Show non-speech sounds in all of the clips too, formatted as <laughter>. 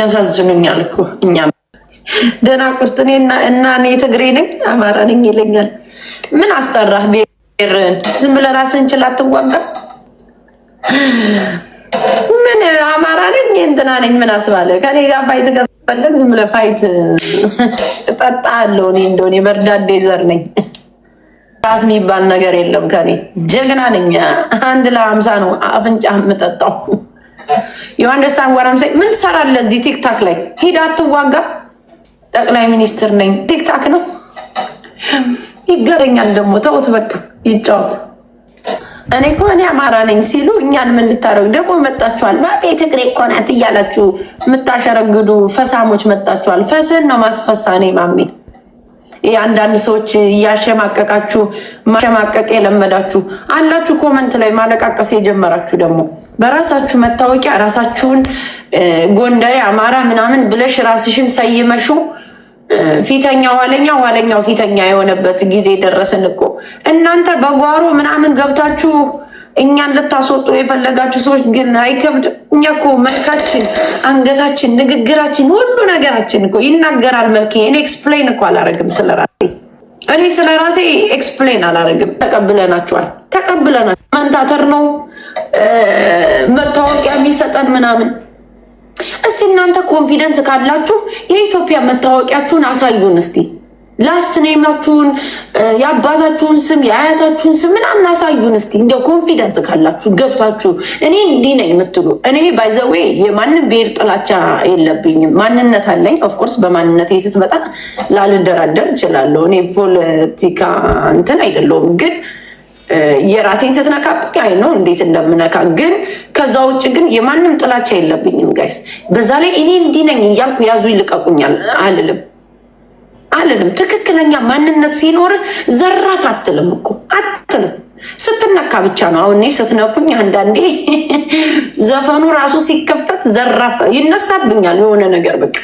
ያሳዝኑኛል እኮ እኛ ደናቁርት እኔና እና እኔ ትግሬ ነኝ አማራ ነኝ ይለኛል። ምን አስጠራህ ብሔርን? ዝም ብለህ ራስህን ችላ አትዋጋ። ምን አማራ ነኝ እንትና ነኝ ምን አስባለ? ከኔ ጋር ፋይት ገፈለግ ዝም ብለህ ፋይት ጠጣ አለው። እኔ እንደሆነ የበርዳዴ ዘር ነኝ ራት የሚባል ነገር የለም። ከኔ ጀግና ነኝ። አንድ ለሀምሳ ነው አፍንጫ የምጠጣው። የአንደርስታንድ ዋራም ሳይ ምን ትሰራለህ እዚህ ቲክታክ ላይ ሂድ አትዋጋ። ጠቅላይ ሚኒስትር ነኝ ቲክታክ ነው ይገረኛል። ደግሞ ተውት በቃ ይጫወት። እኔ እኮ እኔ አማራ ነኝ ሲሉ እኛን ምን ልታደርግ ደግሞ መጣችኋል። ባቤ ትግሬ እኮ ናት እያላችሁ የምታሸረግዱ ፈሳሞች መጣችኋል። ፈስን ነው ማስፈሳ ኔ ማሜ አንዳንድ ሰዎች እያሸማቀቃችሁ ማሸማቀቅ የለመዳችሁ አላችሁ፣ ኮመንት ላይ ማለቃቀስ የጀመራችሁ ደግሞ በራሳችሁ መታወቂያ ራሳችሁን ጎንደሬ፣ አማራ ምናምን ብለሽ ራስሽን ሰይመሹ ፊተኛ ኋለኛ ኋለኛው ፊተኛ የሆነበት ጊዜ ደረስን እኮ እናንተ በጓሮ ምናምን ገብታችሁ እኛን ልታስወጡ የፈለጋችሁ ሰዎች ግን አይከብድም። እኛ እኮ መልካችን፣ አንገታችን፣ ንግግራችን፣ ሁሉ ነገራችን እኮ ይናገራል። መልክ እኔ ኤክስፕሌን እኮ አላረግም ስለ ራሴ እኔ ስለ ራሴ ኤክስፕሌን አላረግም። ተቀብለናችኋል፣ ተቀብለናል። መንታተር ነው መታወቂያ የሚሰጠን ምናምን እስቲ እናንተ ኮንፊደንስ ካላችሁ የኢትዮጵያ መታወቂያችሁን አሳዩን እስቲ። ላስት ኔማችሁን የአባታችሁን ስም የአያታችሁን ስም ምናምን አሳዩን እስቲ እንደ ኮንፊደንስ ካላችሁ ገብታችሁ እኔ እንዲህ ነኝ የምትሉ። እኔ ባይዘዌ የማንም ብሔር ጥላቻ የለብኝም። ማንነት አለኝ። ኦፍኮርስ በማንነት ስትመጣ ላልደራደር እችላለሁ። እኔ ፖለቲካ እንትን አይደለውም፣ ግን የራሴን ስትነካብኝ አይ ነው እንዴት እንደምነካ ግን፣ ከዛ ውጭ ግን የማንም ጥላቻ የለብኝም ጋይስ። በዛ ላይ እኔ እንዲህ ነኝ እያልኩ ያዙ ይልቀቁኛል አልልም። አልልም። ትክክለኛ ማንነት ሲኖርህ ዘራፍ አትልም እኮ አትልም። ስትነካ ብቻ ነው። አሁን ስትነኩኝ አንዳንዴ ዘፈኑ ራሱ ሲከፈት ዘራፍ ይነሳብኛል። የሆነ ነገር በቃ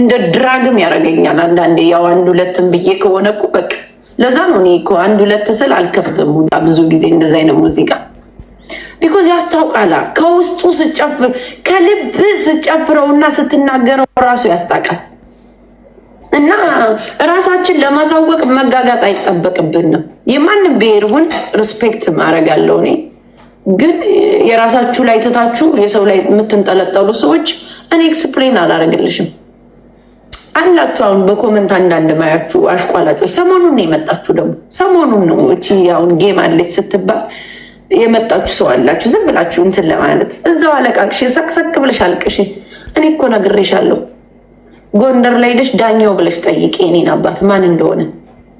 እንደ ድራግም ያደርገኛል። አንዳንዴ ያው አንድ ሁለትም ብዬ ከሆነ እኮ በቃ ለዛ ነው እኔ እኮ አንድ ሁለት ስል አልከፍትም ብዙ ጊዜ እንደዚ አይነት ሙዚቃ ቢኮዝ ያስታውቃላ። ከውስጡ ስጨፍር ከልብ ስጨፍረውና ስትናገረው ራሱ ያስታውቃል። እና ራሳችን ለማሳወቅ መጋጋጥ አይጠበቅብንም። የማንም ብሔርን ሪስፔክት ማድረግ እኔ ግን የራሳችሁ ላይ ትታችሁ የሰው ላይ የምትንጠለጠሉ ሰዎች እኔ ኤክስፕሌን አላደርግልሽም አላችሁ። አሁን በኮመንት አንዳንድ ማያችሁ አሽቋላጮች፣ ሰሞኑን ነው የመጣችሁ። ደግሞ ሰሞኑን ነው እቺ አሁን ጌም አለች ስትባል የመጣችሁ ሰው አላችሁ። ዝም ብላችሁ እንትን ለማለት እዛው አለቃቅሽ፣ ሰቅሰቅ ብለሽ አልቅሽ። እኔ እኮ ነግሬሻለሁ ጎንደር ላይ ሄደሽ ዳኛው ብለሽ ጠይቂ የኔን አባት ማን እንደሆነ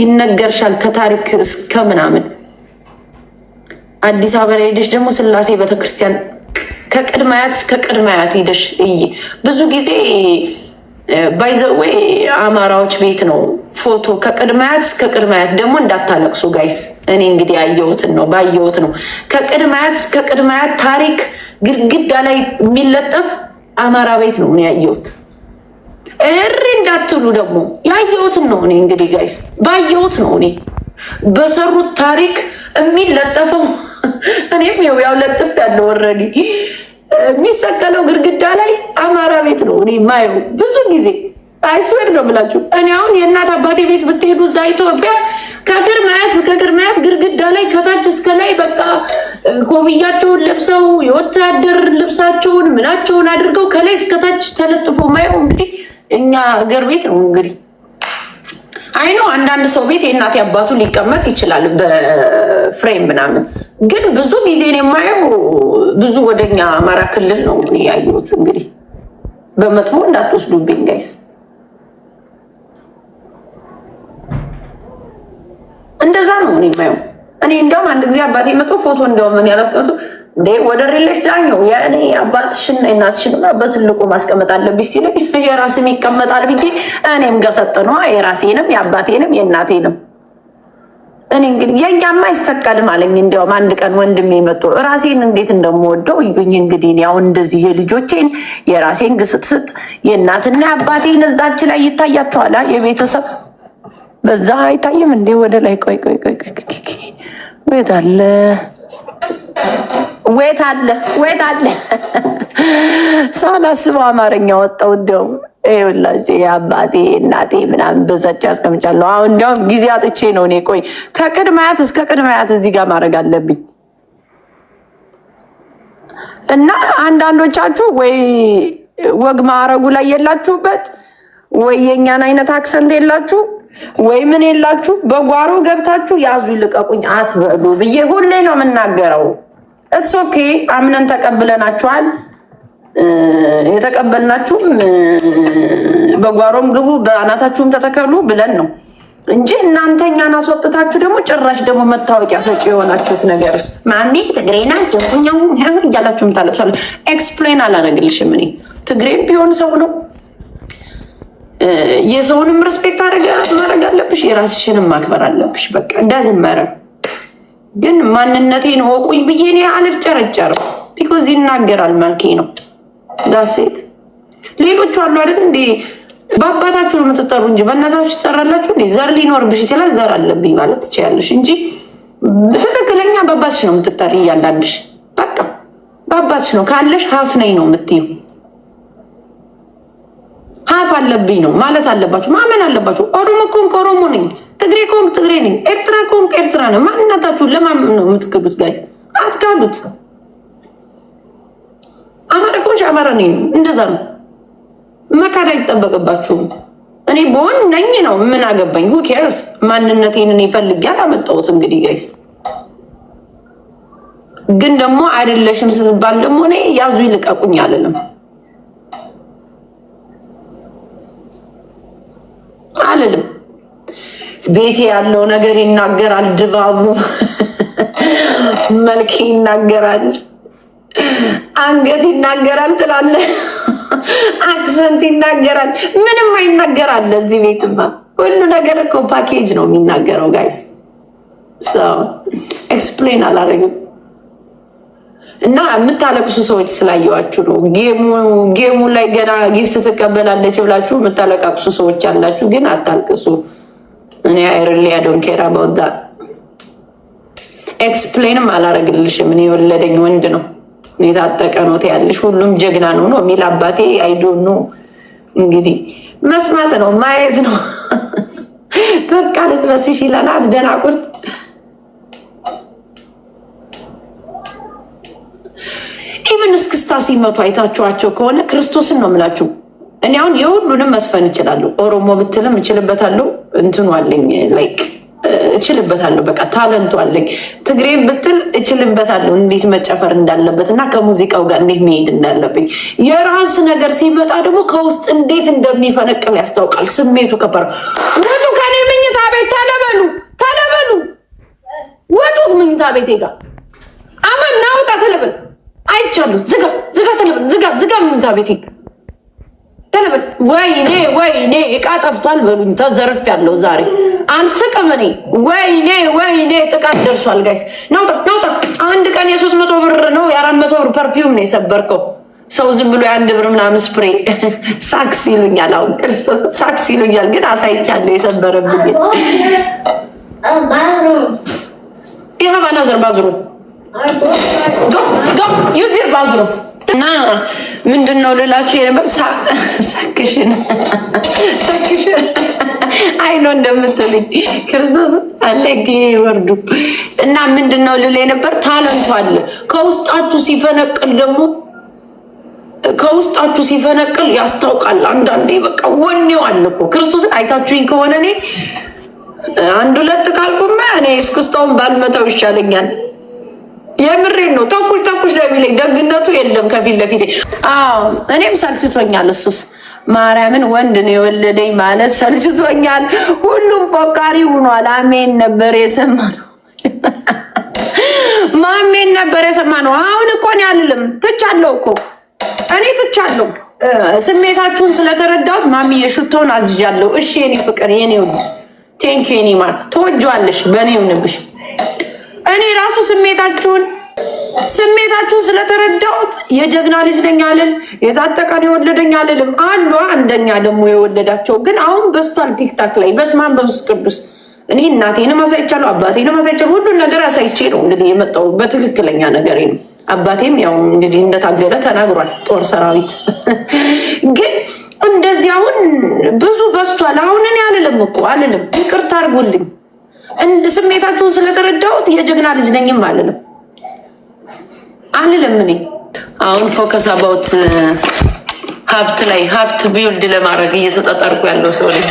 ይነገርሻል፣ ከታሪክ እስከ ምናምን። አዲስ አበባ ላይ ሄደሽ ደግሞ ስላሴ ቤተክርስቲያን ከቅድመ አያት እስከ ቅድመ አያት ሄደሽ እይ። ብዙ ጊዜ ባይዘዌ አማራዎች ቤት ነው ፎቶ ከቅድመ አያት እስከ ቅድመ አያት ደግሞ እንዳታለቅሱ ጋይስ። እኔ እንግዲህ ያየሁትን ነው ባየሁት ነው። ከቅድመ አያት እስከ ቅድመ አያት ታሪክ ግድግዳ ላይ የሚለጠፍ አማራ ቤት ነው ያየሁት። እሪ እንዳትሉ ደግሞ ያየሁትን ነው እኔ እንግዲህ ጋይስ ባየሁት ነው እኔ በሰሩት ታሪክ የሚለጠፈው <laughs> እኔም ው ያው ለጥፍ ያለው ወረዲ የሚሰቀለው ግድግዳ ላይ አማራ ቤት ነው እኔ ማየው ብዙ ጊዜ አይስወድ ነው ብላችሁ እኔ አሁን የእናት አባቴ ቤት ብትሄዱ እዛ ኢትዮጵያ ከእግር ማያት እስከ እግር ማየት ግድግዳ ላይ ከታች እስከ ላይ በቃ ኮፍያቸውን ለብሰው የወታደር ልብሳቸውን ምናቸውን አድርገው ከላይ እስከታች ተለጥፎ ማየው እንግዲህ እኛ እግር ቤት ነው እንግዲህ አይኖ አንዳንድ ሰው ቤት የእናት አባቱ ሊቀመጥ ይችላል፣ በፍሬም ምናምን። ግን ብዙ ጊዜ የማየው ብዙ ወደኛ አማራ ክልል ነው ያየሁት። እንግዲህ በመጥፎ እንዳትወስዱብኝ ጋይስ። እንደዛ ነው እኔ የማየው። እኔ እንዲያውም አንድ ጊዜ አባቴ መጥቶ ፎቶ እንዲያውም ያላስቀምጡ እንዴ ወደ ሪሌሽ ዳኘው የእኔ አባትሽን እናትሽንና በትልቁ ማስቀመጥ አለብሽ ሲል የራስም ይቀመጣል ብዬ እኔም ገሰጥ ነዋ። የራሴንም የአባቴንም የእናቴንም እኔ እንግዲህ የኛማ አይስተካልም አለኝ። እንዲያውም አንድ ቀን ወንድሜ መጥቶ ራሴን እንዴት እንደምወደው እዩኝ። እንግዲህ ያው እንደዚህ የልጆቼን የራሴን ግስጥስጥ የእናትና የአባቴን እዛች ላይ ይታያቸዋል። የቤተሰብ በዛ አይታይም እንዴ? ወደ ላይ ቆይ ቆይ ቆይ ቆይ ቆይ ቆይ ቆይ ወይት አለ ወይት አለ ሳላስበው አማርኛ ወጣው። እንደውም ይኸውላችሁ የአባቴ እናቴ ምናምን በዛች ያስቀምጫለሁ። አሁን እንደውም ጊዜ አጥቼ ነው እኔ። ቆይ ከቅድማያት እስከ ቅድማያት እዚህ ጋር ማድረግ አለብኝ እና አንዳንዶቻችሁ ወይ ወግ ማዕረጉ ላይ የላችሁበት ወይ የእኛን አይነት አክሰንት የላችሁ ወይ ምን የላችሁ፣ በጓሮ ገብታችሁ ያዙ ይልቀቁኝ አትበሉ ብዬ ሁሌ ነው የምናገረው። እትስ ኦኬ አምነን ተቀብለናችኋል። የተቀበልናችሁም በጓሮም ግቡ በአናታችሁም ተተከሉ ብለን ነው እንጂ እናንተ እኛን አስወጥታችሁ ደግሞ ጭራሽ ደግሞ መታወቂያ ሰጪ የሆናችሁት ነገርስ ማሚ ትግሬና ደኛሁ እያላችሁ ምታለቅሷለ። ኤክስፕሌን አላደረግልሽም። እኔ ትግሬም ቢሆን ሰው ነው። የሰውንም ሬስፔክት ማድረግ አለብሽ፣ የራስሽንም ማክበር አለብሽ። በቃ እንዳዝመረ ግን ማንነቴን ወቁኝ ብዬ እኔ አልጨረጨርም። ቢኮዝ ይናገራል መልኬ ነው ዳሴት ሌሎቹ አሉ አይደል እንዴ? በአባታችሁ ነው የምትጠሩ እንጂ በእናታችሁ ትጠራላችሁ እንዴ? ዘር ሊኖርብሽ ይችላል። ዘር አለብኝ ማለት ትችያለሽ እንጂ ትክክለኛ በአባትሽ ነው የምትጠሪ እያንዳንድሽ። በቃ በአባትሽ ነው ካለሽ ሀፍ ነኝ ነው የምትዩ። ሀፍ አለብኝ ነው ማለት አለባችሁ፣ ማመን አለባችሁ። ኦሮሞ እኮ ኦሮሞ ነኝ ትግሬ ኮንክ ትግሬ ነኝ፣ ኤርትራ ኮንክ ኤርትራ ነው። ማንነታችሁን ለማንም ነው የምትክዱት። ጋይ አትካዱት። አማራ ከሆንሽ አማራ ነኝ፣ እንደዛ ነው። መካድ አይጠበቅባችሁም። እኔ በሆን ነኝ ነው ምን አገባኝ? ሁ ኬርስ ማንነቴን እኔ ፈልጌ አላመጣሁት። እንግዲህ ጋይስ ግን ደግሞ አይደለሽም ስትባል ደግሞ እኔ ያዙ ይልቀቁኝ አልልም። አልልም ቤቴ ያለው ነገር ይናገራል። ድባቡ መልክ ይናገራል። አንገት ይናገራል ትላለ፣ አክሰንት ይናገራል። ምንም አይናገራል። እዚህ ቤትማ ሁሉ ነገር እኮ ፓኬጅ ነው የሚናገረው። ጋይስ ኤክስፕሌን አላደረግም እና የምታለቅሱ ሰዎች ስላየዋችሁ ነው። ጌሙ ላይ ገና ጊፍት ትቀበላለች ብላችሁ የምታለቃቅሱ ሰዎች አላችሁ ግን አታልቅሱ። እኔ አይርሊ አዶንኬራ በወጣ ኤክስፕሌንም አላረግልሽም። እኔ የወለደኝ ወንድ ነው የታጠቀ ኖት ያለሽ ሁሉም ጀግና ነው ነው የሚል አባቴ አይዶኑ። እንግዲህ መስማት ነው ማየት ነው። <laughs> በቃ ልትመስሽ ይለናት ደናቁርት። ኢቨን እስክስታ ሲመቱ አይታችኋቸው ከሆነ ክርስቶስን ነው የምላችሁ እኔ አሁን የሁሉንም መስፈን እችላለሁ። ኦሮሞ ብትልም እችልበታለሁ። እንትኑ አለኝ ላይክ እችልበታለሁ። በቃ ታለንቱ አለኝ። ትግሬን ብትል እችልበታለሁ፣ እንዴት መጨፈር እንዳለበት እና ከሙዚቃው ጋር እንዴት መሄድ እንዳለብኝ። የራስ ነገር ሲመጣ ደግሞ ከውስጥ እንዴት እንደሚፈነቅል ያስታውቃል። ስሜቱ ከበረ ውጡ፣ ከኔ ምኝታ ቤት ተለበሉ፣ ተለበሉ፣ ውጡ ምኝታ ቤቴ ጋር አመና ውጣ፣ ተለበል አይቻሉ፣ ዝጋ፣ ዝጋ፣ ተለበል፣ ዝጋ፣ ዝጋ ምኝታ ቤቴ ጋር ተለበል ወይኔ ወይኔ እቃ ጠፍቷል በሉኝ፣ ያለው ዛሬ አልስቅም እኔ። ወይኔ ወይኔ ጥቃት ደርሷል። ጋይስ ናውጣ ናውጣ። አንድ ቀን የሶስት መቶ ብር ነው የአራት መቶ ብር ፐርፊውም ነው የሰበርከው። ሰው ዝም ብሎ የአንድ ብር ምናምን ስፕሬ <laughs> ሳክስ ይሉኛል። አሁን ክርስቶስ ሳክስ ይሉኛል፣ ግን አሳይቻለሁ የሰበረብኝ። ይህ ባናዘር ባዝሮ ዩዝ ባዝሮ እና ምንድን ነው ልላችሁ የነበር ሳክሽን ሳክሽን አይኖ እንደምትልኝ ክርስቶስ አለግ ወርዱ እና ምንድን ነው ልል የነበር ታለንቱ አለ ከውስጣችሁ ሲፈነቅል ደግሞ ከውስጣችሁ ሲፈነቅል ያስታውቃል። አንዳንዴ በቃ ወኔው አለ እኮ ክርስቶስን አይታችሁኝ ከሆነ እኔ አንድ ሁለት ካልኩማ እኔ እስክስታውን ባልመታው ይሻለኛል። የምሬን ነው። ተኩሽ ተኩሽ ነው የሚለኝ። ደግነቱ የለም ከፊት ለፊቴ። አዎ እኔም ሰልችቶኛል። እሱስ ማርያምን ወንድ ነው የወለደኝ ማለት ሰልችቶኛል። ሁሉም ፎካሪ ሆኗል። አሜን ነበር የሰማ ነው <laughs> ማሜን ነበር የሰማ ነው። አሁን እኮን ያልልም አልልም ትቻለሁ እኮ እኔ ትቻለሁ። ስሜታችሁን ስለተረዳሁት ማሚዬ ሽቶን አዝዣለሁ። እሺ የኔ ፍቅር የኔ ቴንኪ የኔ ማር ተወጇዋለሽ በእኔ ይሁንብሽ እኔ ራሱ ስሜታችሁን ስሜታችሁን ስለተረዳሁት የጀግና ልጅ ነኝ አልል፣ የታጠቀን የወለደኝ አልልም። አንዷ አንደኛ ደግሞ የወለዳቸው ግን አሁን በስቷል። ቲክታክ ላይ በስማን በሱስ ቅዱስ እኔ እናቴንም አሳይቻለሁ፣ አባቴንም አሳይቻለሁ። ሁሉን ነገር አሳይቼ ነው እንግዲህ የመጣው በትክክለኛ ነገር ነው። አባቴም ያው እንግዲህ እንደታገለ ተናግሯል። ጦር ሰራዊት ግን እንደዚህ አሁን ብዙ በስቷል። አሁን እኔ አልልም እኮ አልልም፣ ይቅርታ አድርጉልኝ። ስሜታችሁን ስለተረዳሁት የጀግና ልጅ ነኝም አልልም አልልም። እኔ አሁን ፎከስ አባውት uh, ሀብት ላይ ሀብት ቢውልድ ለማድረግ እየተጠጠርኩ ያለው ሰው ልጅ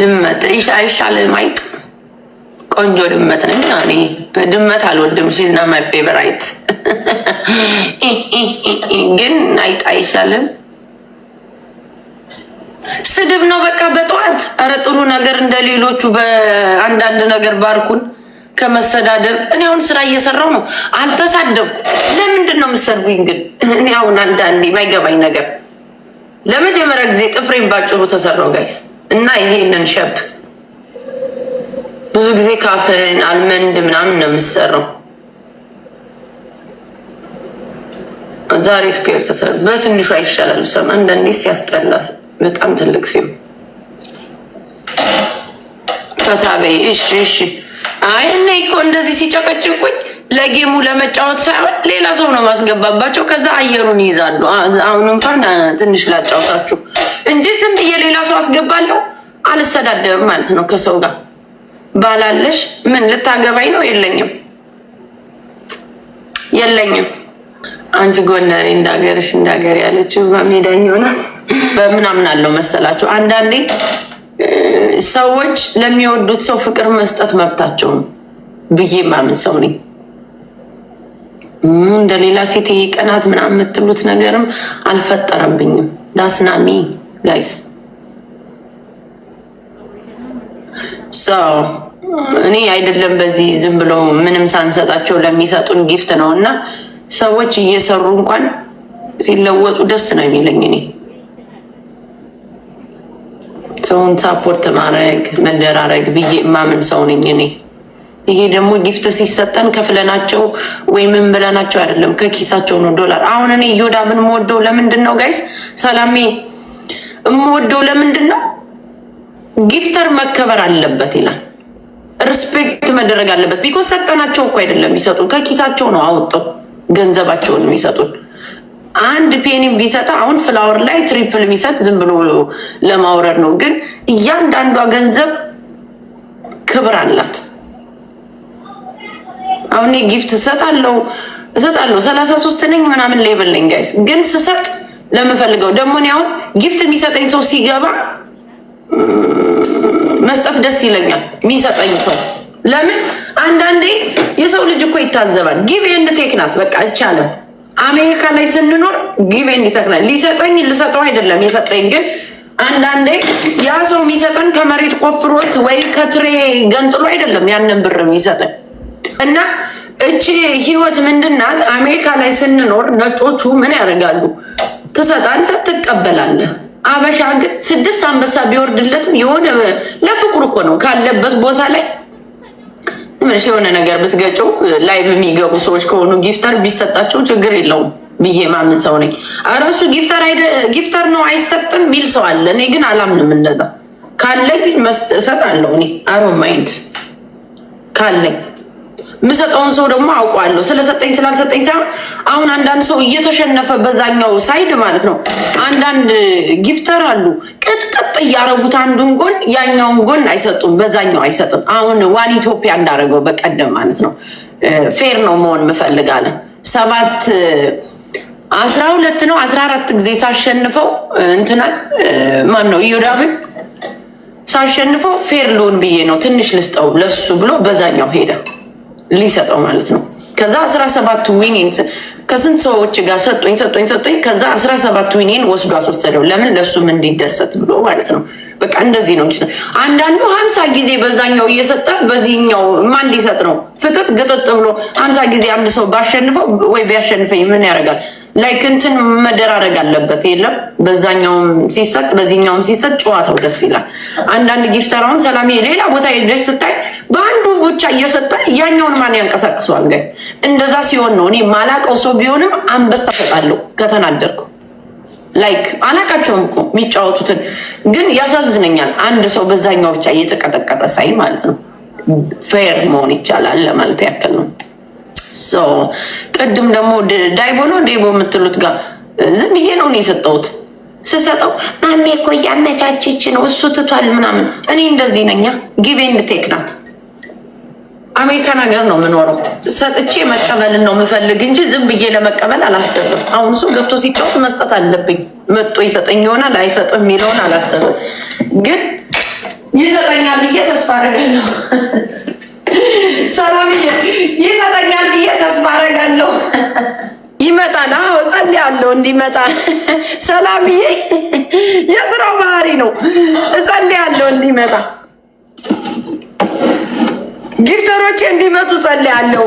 ድመት አይሻልም? አይጥ ቆንጆ ድመት ነኝ። ድመት አልወድም። ሺዝ ና ማይ ፌቨራይት ግን አይጣ አይሻልም? ስድብ ነው በቃ በጠዋት ኧረ ጥሩ ነገር እንደ ሌሎቹ በአንዳንድ ነገር ባርኩን ከመሰዳደብ እኔ አሁን ስራ እየሰራው ነው። አልተሳደብኩ። ለምንድን ነው የምትሰድቡኝ ግን? እኔ አሁን አንዳንዴ የማይገባኝ ነገር ለመጀመሪያ ጊዜ ጥፍሬን ባጭሩ ተሰራው ጋይስ እና ይሄንን ሸብ ብዙ ጊዜ ካፍን አልመንድ ምናምን ነው የምሰራው ዛሬ ስኩዌር ተሰራ በትንሹ አይሻላል? ሰም አንዳንዴ ሲያስጠላት በጣም ትልቅ ሲሆን ፈታበይ እሺ፣ እሺ። አይ እኔ እኮ እንደዚህ ሲጨቀጭቁኝ ለጌሙ ለመጫወት ሳይሆን ሌላ ሰው ነው ማስገባባቸው። ከዛ አየሩን ይይዛሉ። አሁን እንኳን ትንሽ ላጫውታችሁ እንጂ ዝም ብዬ ሌላ ሰው አስገባለሁ። አልሰዳደብም ማለት ነው ከሰው ጋር ባላለሽ ምን ልታገባኝ ነው? የለኝም፣ የለኝም አንቺ ጎንደሬ እንዳገርሽ እንዳገር ያለችው በሜዳኛው ናት። በምናምን አለው መሰላችሁ። አንዳንዴ ሰዎች ለሚወዱት ሰው ፍቅር መስጠት መብታቸውም ብዬ ማምን ሰው ነኝ። እንደሌላ ሴት ይሄ ቀናት ምናምን የምትሉት ነገርም አልፈጠረብኝም። ዳስናሚ ጋይስ እኔ አይደለም በዚህ ዝም ብሎ ምንም ሳንሰጣቸው ለሚሰጡን ጊፍት ነው እና ሰዎች እየሰሩ እንኳን ሲለወጡ ደስ ነው የሚለኝ። እኔ ሰውን ሳፖርት ማድረግ መደራረግ ብዬ ማምን ሰው ነኝ እኔ። ይሄ ደግሞ ጊፍት ሲሰጠን ከፍለናቸው ወይም ምን ብለናቸው አይደለም፣ ከኪሳቸው ነው ዶላር። አሁን እኔ ምን የምወደው ለምንድን ነው ጋይስ? ሰላሜ የምወደው ለምንድን ነው? ጊፍተር መከበር አለበት ይላል። ሪስፔክት መደረግ አለበት። ቢኮዝ ሰጠናቸው እኮ አይደለም ቢሰጡ፣ ከኪሳቸው ነው አወጣው ገንዘባቸውን የሚሰጡን አንድ ፔኒ ቢሰጠ አሁን ፍላወር ላይ ትሪፕል የሚሰጥ ዝም ብሎ ለማውረድ ነው። ግን እያንዳንዷ ገንዘብ ክብር አላት። አሁን ጊፍት እሰጣለሁ እሰጣለሁ ሰላሳ ሶስት ነኝ ምናምን ሌብል ነኝ ጋይስ። ግን ስሰጥ ለምፈልገው ደግሞ እኔ አሁን ጊፍት የሚሰጠኝ ሰው ሲገባ መስጠት ደስ ይለኛል። የሚሰጠኝ ሰው ለምን አንዳንዴ የሰው ልጅ እኮ ይታዘባል። ጊቭ ኤንድ ቴክ ናት። በቃ እቻለም አሜሪካ ላይ ስንኖር ጊቭ ኤንድ ቴክ ናት። ሊሰጠኝ ልሰጠው አይደለም የሰጠኝ ግን አንዳንዴ ያ ሰው የሚሰጠን ከመሬት ቆፍሮት ወይ ከትሬ ገንጥሎ አይደለም ያንን ብር የሚሰጠን እና እቺ ህይወት ምንድናት? አሜሪካ ላይ ስንኖር ነጮቹ ምን ያደርጋሉ? ትሰጣለህ፣ ትቀበላለህ። አበሻ ግን ስድስት አንበሳ ቢወርድለትም የሆነ ለፍቅር እኮ ነው ካለበት ቦታ ላይ ምን የሆነ ነገር ብትገጭው ላይቭ የሚገቡ ሰዎች ከሆኑ ጊፍተር ቢሰጣቸው ችግር የለውም ብዬ ማምን ሰው ነኝ። ኧረ እሱ ጊፍተር ነው አይሰጥም ሚል ሰው አለ። እኔ ግን አላምንም። እንደዛ ካለኝ እሰጣለሁ። እኔ አሮ ማይንድ ካለኝ የምሰጠውን ሰው ደግሞ አውቀዋለሁ። ስለሰጠኝ ስላልሰጠኝ ሳይሆን አሁን አንዳንድ ሰው እየተሸነፈ በዛኛው ሳይድ ማለት ነው። አንዳንድ ጊፍተር አሉ ቅጥ እያረጉት አንዱን ጎን ያኛውን ጎን አይሰጡም፣ በዛኛው አይሰጥም። አሁን ዋን ኢትዮጵያ እንዳደረገው በቀደም ማለት ነው። ፌር ነው መሆን መፈልጋለን። ሰባት አስራ ሁለት ነው አስራ አራት ጊዜ ሳሸንፈው እንትና ማን ነው እዮዳብን ሳሸንፈው ፌር ልሆን ብዬ ነው ትንሽ ልስጠው ለሱ ብሎ በዛኛው ሄደ ሊሰጠው ማለት ነው። ከዛ አስራ ሰባቱ ዊኒንግ ከስንት ሰዎች ጋር ሰጡኝ ሰጡኝ ሰጡኝ። ከዛ አስራ ሰባት ዊኔን ወስዶ አስወሰደው። ለምን ለእሱም እንዲደሰት ብሎ ማለት ነው። በቃ እንደዚህ ነው። አንዳንዱ ሀምሳ ጊዜ በዛኛው እየሰጠ በዚህኛው ማን እንዲሰጥ ነው? ፍጥጥ ግጥጥ ብሎ ሀምሳ ጊዜ አንድ ሰው ባሸንፈው ወይ ቢያሸንፈኝ ምን ያደርጋል? ላይክ እንትን መደራረግ አለበት። የለም በዛኛውም ሲሰጥ በዚህኛውም ሲሰጥ ጨዋታው ደስ ይላል። አንዳንድ ጊፍተራውን ሰላም ሌላ ቦታ ደስ ስታይ በአንዱ ብቻ እየሰጠ ያኛውን ማን ያንቀሳቅሰዋል? ጋይስ እንደዛ ሲሆን ነው እኔ ማላቀው ሰው ቢሆንም አንበሳ ሰጣለሁ ከተናደርኩ። ላይክ አላቃቸውም እኮ የሚጫወቱትን ግን ያሳዝነኛል። አንድ ሰው በዛኛው ብቻ እየተቀጠቀጠ ሳይ ማለት ነው ፌር መሆን ይቻላል ለማለት ያክል ነው። ቅድም ደግሞ ዳይቦ ነው ዴቦ የምትሉት ጋር ዝም ብዬ ነው እኔ የሰጠሁት። ስሰጠው ማሜ እኮ እያመቻቸች ነው እሱ ትቷል ምናምን። እኔ እንደዚህ ነኛ ጊቤ እንድቴክ ናት። አሜሪካን ሀገር ነው የምኖረው። ሰጥቼ መቀበልን ነው የምፈልግ እንጂ ዝም ብዬ ለመቀበል አላሰብም። አሁን እሱ ገብቶ ሲጫወት መስጠት አለብኝ። መጦ ይሰጠኝ ይሆናል አይሰጥም የሚለውን አላሰብም፣ ግን ይሰጠኛል ብዬ ተስፋ አደርጋለሁ። <laughs> ሰላም ይሰጠኛል ብዬ ተስፋ አደርጋለሁ። ይመጣል። አዎ እጸልያለሁ እንዲመጣ ሰላምዬ። የስራው ባህሪ ነው። እጸልያለሁ እንዲመጣ ጊፍተሮቼ እንዲመጡ እጸልያለሁ።